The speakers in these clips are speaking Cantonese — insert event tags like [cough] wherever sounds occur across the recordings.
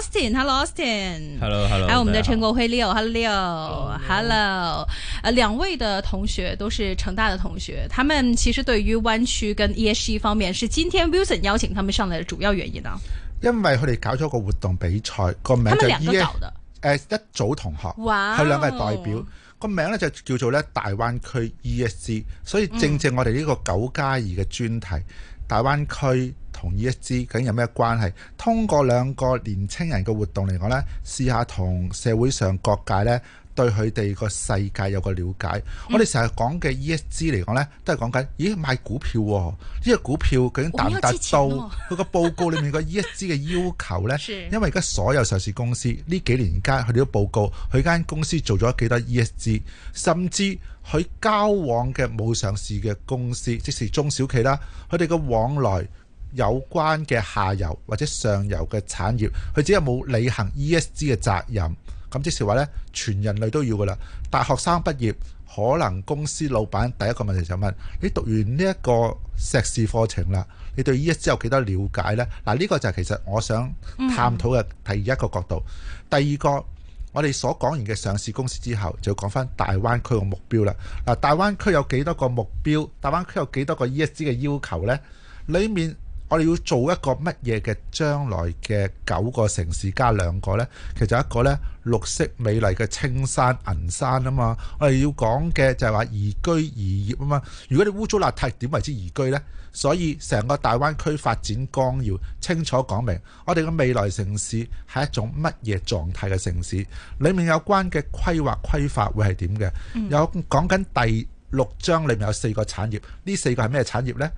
Austin，哈囉 Austin，哈囉哈囉，我們的陳國輝 Leo，h e Leo，l o h e l l o 兩位的同學都是成大的同學，他們其實對於灣區跟 E S G 方面，是今天 Wilson 邀請他們上來的主要原因啊。因為佢哋搞咗個活動比賽，名 ES, 個名就 E S，、呃、一組同學，佢 Wow 兩位代表，個名呢，就叫做呢大灣區 E S G，所以正正我哋呢個九加二嘅專題。嗯大灣區同 ESG 究竟有咩關係？通過兩個年青人嘅活動嚟講呢試下同社會上各界呢。對佢哋個世界有個了解。我哋成日講嘅 E S G 嚟講呢都係講緊，咦買股票喎、啊？呢、呢個股票究竟達唔達到？佢個報告裡面個 E S G 嘅要求呢？因為而家所有上市公司呢幾年間，佢哋都報告佢間公司做咗幾多 E S G，甚至佢交往嘅冇上市嘅公司，即是中小企啦。佢哋嘅往來有關嘅下游或者上游嘅產業，佢只有冇履行 E S G 嘅責任。咁即是話呢，全人類都要噶啦。大學生畢業，可能公司老闆第一個問題就問：你讀完呢一個碩士課程啦，你對 E S G 有幾多了解呢？啊，嗱，呢個就係其實我想探討嘅第二一個角度。嗯、第二個，我哋所講完嘅上市公司之後，就要講翻大灣區個目標啦。嗱、啊，大灣區有幾多個目標？大灣區有幾多個 E S G 嘅要求呢？裏面。我哋要做一個乜嘢嘅將來嘅九個城市加兩個呢？其實一個呢，綠色美麗嘅青山銀山啊嘛！我哋要講嘅就係話宜居宜業啊嘛！如果你污糟邋遢，點為之宜居呢？所以成個大灣區發展綱要清楚講明，我哋嘅未來城市係一種乜嘢狀態嘅城市？裡面有關嘅規劃規範會係點嘅？嗯、有講緊第六章裡面有四個產業，呢四個係咩產業呢？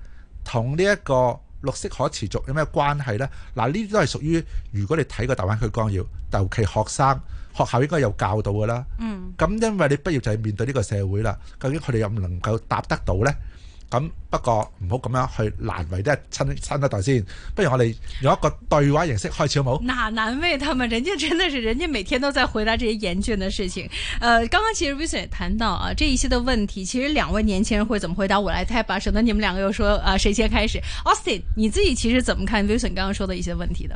同呢、這、一個。綠色可持續有咩關係呢？嗱、啊，呢啲都係屬於如果你睇過大灣區綱要，尤其學生學校應該有教到噶啦。嗯，咁因為你畢業就係面對呢個社會啦，究竟佢哋又唔能夠答得到呢？咁不過唔好咁樣去難為啲親親一代先，不如我哋用一個對話形式開始好唔好？哪難為他們，人家真的是，人家每天都在回答這些嚴峻的事情。誒、呃，剛剛其實 Wilson 也談到啊，這一些的問題，其實兩位年輕人會怎麼回答，我來猜吧，省得你們兩個又說啊，誰先開始？Austin，你自己其實怎麼看 Wilson 剛剛說的一些問題的？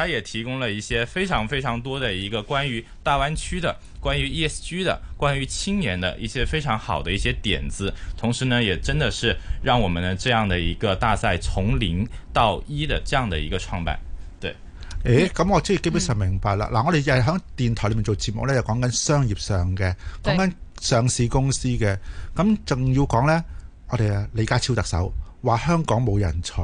他也提供了一些非常非常多的一個關於大灣區的、關於 ESG 的、關於青年的一些非常好的一些點子，同時呢，也真的是讓我們呢這樣的一個大賽從零到一的這樣的一個創辦，對。誒，咁我即係基本上明白、嗯、啦。嗱，我哋又響電台裏面做節目咧，又講緊商業上嘅，對講緊上市公司嘅，咁仲要講咧，我哋啊李家超特首話香港冇人才。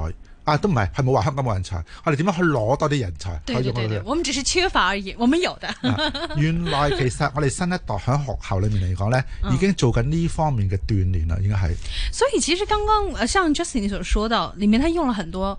啊，都唔係，係冇話香港冇人才，我哋點樣去攞多啲人才？對對對，我們只是缺乏而已，我們有的。 [laughs] 原來其實我哋新一代喺學校裏面嚟講咧，已經做緊呢方面嘅鍛鍊啦，應該係。所以其實剛剛，呃，像 Justin 你所說到，裡面他用了很多。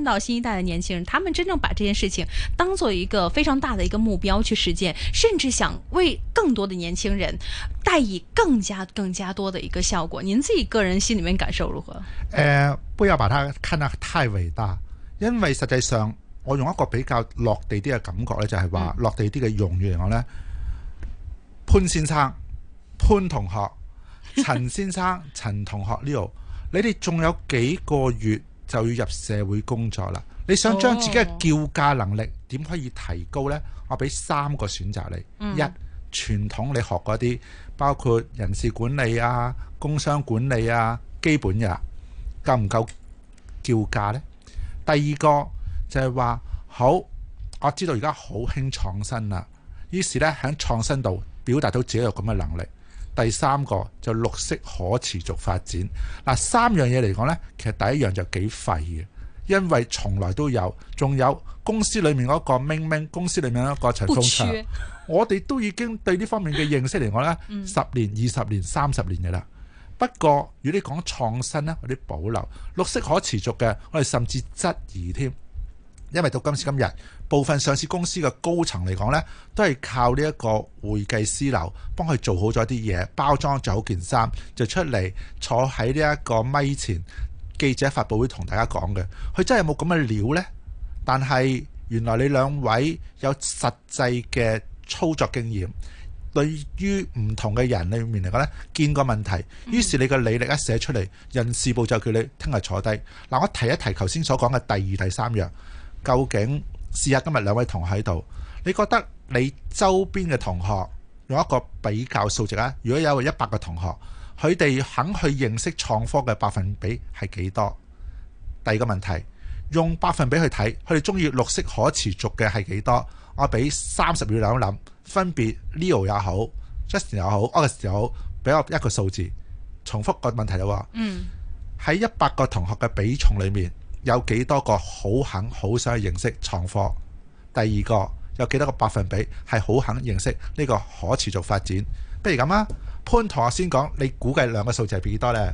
到新一代的年輕人，他們真正把這件事情當做一個非常大的一個目標去實踐，甚至想為更多的年輕人帶以更加更加多的一個效果。您自己個人心裏面感受如何？呃，不要把它看得太偉大，因為實際上我用一個比較落地啲嘅感覺咧，就係、是、話、嗯、落地啲嘅用語嚟講咧，潘先生、潘同學、陳先生、 [laughs] 陳同學呢度，你哋仲有幾個月？就要入社會工作啦！你想將自己嘅叫價能力點可以提高呢？我俾三個選擇你：一傳統你學嗰啲，包括人事管理啊、工商管理啊，基本嘅，夠唔夠叫價呢？第二個就係話，好我知道而家好興創新啦，於是呢，喺創新度表達到自己有咁嘅能力。第三個就是、綠色可持續發展嗱，三樣嘢嚟講呢，其實第一樣就幾廢嘅，因為從來都有，仲有公司裡面嗰個命名，公司裡面嗰個陳鳳處我哋都已經對呢方面嘅認識嚟講呢，十、 [laughs] 嗯、年、二十年、三十年嘅啦。不過如果你講創新呢，有啲保留綠色可持續嘅，我哋甚至質疑添。因為到今時今日，部分上市公司嘅高層嚟講呢都係靠呢一個會計師樓幫佢做好咗啲嘢，包裝好件衫就出嚟坐喺呢一個咪前記者發佈會同大家講嘅。佢真係有冇咁嘅料呢？但係原來你兩位有實際嘅操作經驗，對於唔同嘅人裏面嚟講呢見過問題，於是你嘅履歷一寫出嚟，人事部就叫你聽日坐低嗱。我提一提頭先所講嘅第二、第三樣。究竟試下今日兩位同學喺度，你覺得你周邊嘅同學用一個比較數值呀？如果有個一百個同學，佢哋肯去認識創科嘅百分比係幾多？第二個問題，用百分比去睇，佢哋中意綠色可持續嘅係幾多？我俾三十秒諗諗，分別 Leo 也好，Justin 又好 Alex 又好，俾我一個數字。重複一個問題就話，嗯，喺一百個同學嘅比重裏面。有幾多個好肯好想去認識創貨？第二個，有幾多個百分比係好肯認識呢個可持續發展？不如咁啊，潘同先講，你估計兩個數字係幾多呢？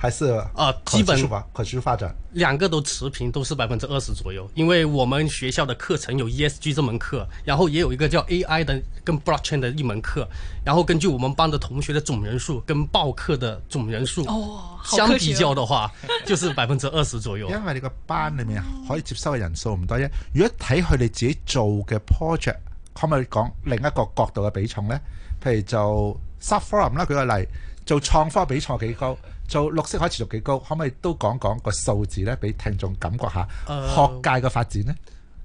還是啊，基本可持續發展，兩個都持平，都是百分之二十左右。因為我們學校的課程有 E S G 這門課，然後也有一個叫 A I 的跟 Blockchain 的一門課。然後根據我們班的同學的總人數跟報課的總人數，哦，相比較的話，哦、就是百分之二十左右。 [laughs] 因為你個班裏面可以接收嘅人數唔多啫，如果睇佢哋自己做嘅 project，可唔可以講另一個角度嘅比重咧？譬如就 subforum 啦，舉個例。做創科比賽幾高？做綠色可持續幾高？可唔可以都講講個數字咧，俾聽眾感覺下、呃、學界嘅發展呢？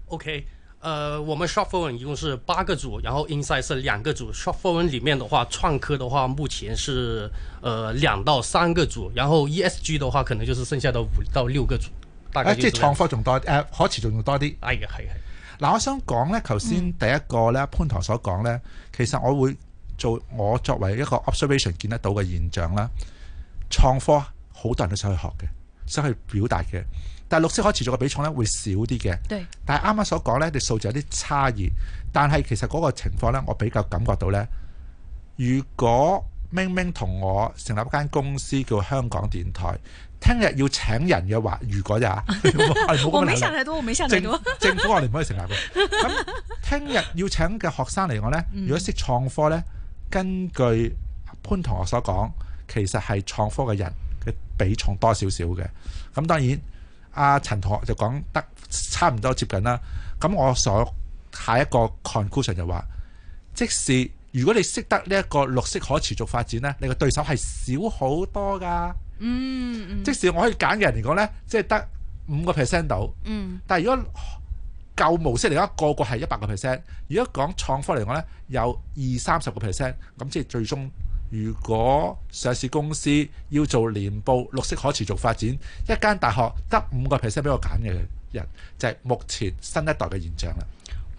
OK，呃，我們 short form 一共是八個組，然後 inside 是兩個組。short form 裡面嘅話，創科嘅話目前是呃兩到三個組，然後 ESG 嘅話可能就是剩下的五到六個組。誒、啊，即係創科仲多啲，誒、呃，可持續多啲、哎。哎呀，係係。嗱，我想講咧，頭先第一個咧，嗯、潘台所講咧，其實我會。做我作為一個 observation 見得到嘅現象啦，創科好多人都想去學嘅，想去表達嘅，但係綠色可持續嘅比重咧會少啲嘅。對。但係啱啱所講咧，你數字有啲差異，但係其實嗰個情況咧，我比較感覺到咧，如果明明同我成立一間公司叫香港電台，聽日要請人嘅話，如果咋？我冇咁諗。我沒想太多，我沒想太多。政政府我哋唔可以成立嘅。咁聽日要請嘅學生嚟講咧，如果識創科咧？根據潘同學所講，其實係創科嘅人嘅比重多少少嘅。咁當然，阿陳同學就講得差唔多接近啦。咁我所下一個 conclusion 就話，即使如果你識得呢一個綠色可持續發展呢，你個對手係少好多㗎。嗯嗯。即使我可以揀嘅人嚟講呢，即係得五個 percent 度。嗯。但係如果舊模式嚟講，個個係一百個 percent；如果講創科嚟講呢，有二三十個 percent。咁即係最終，如果上市公司要做年報綠色可持續發展，一間大學得五個 percent 俾我揀嘅人，就係、是、目前新一代嘅現象啦。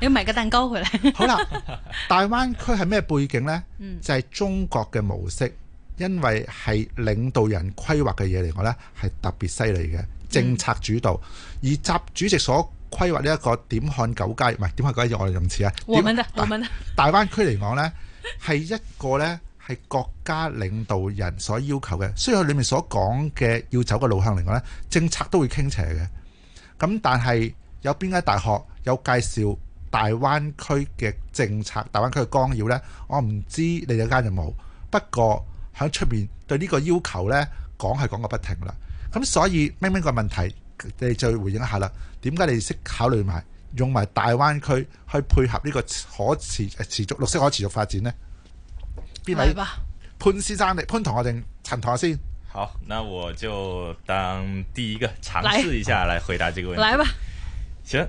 要買個蛋糕回嚟 [laughs] 好啦，大灣區係咩背景呢？嗯、就係中國嘅模式，因為係領導人規劃嘅嘢嚟講呢，係特別犀利嘅政策主導。嗯、而習主席所規劃呢一個點看九街，唔係點看九街，我哋用詞啊。六蚊點大灣區嚟講呢，係一個呢係國家領導人所要求嘅，雖然佢裏面所講嘅要走嘅路向嚟講呢，政策都會傾斜嘅。咁但係有邊間大學有介紹？大灣區嘅政策，大灣區嘅干擾呢，我唔知你家有間有冇。不過喺出面對呢個要求呢，講係講個不停啦。咁所以明明個問題，你再回應一下啦。點解你識考慮埋用埋大灣區去配合呢個可持誒持續綠色可持續發展呢？邊位？嚟吧。潘先生你潘同學定陳同學先。同學好，那我就當第一個嘗試一下，來回答這個問題。來。來吧，行。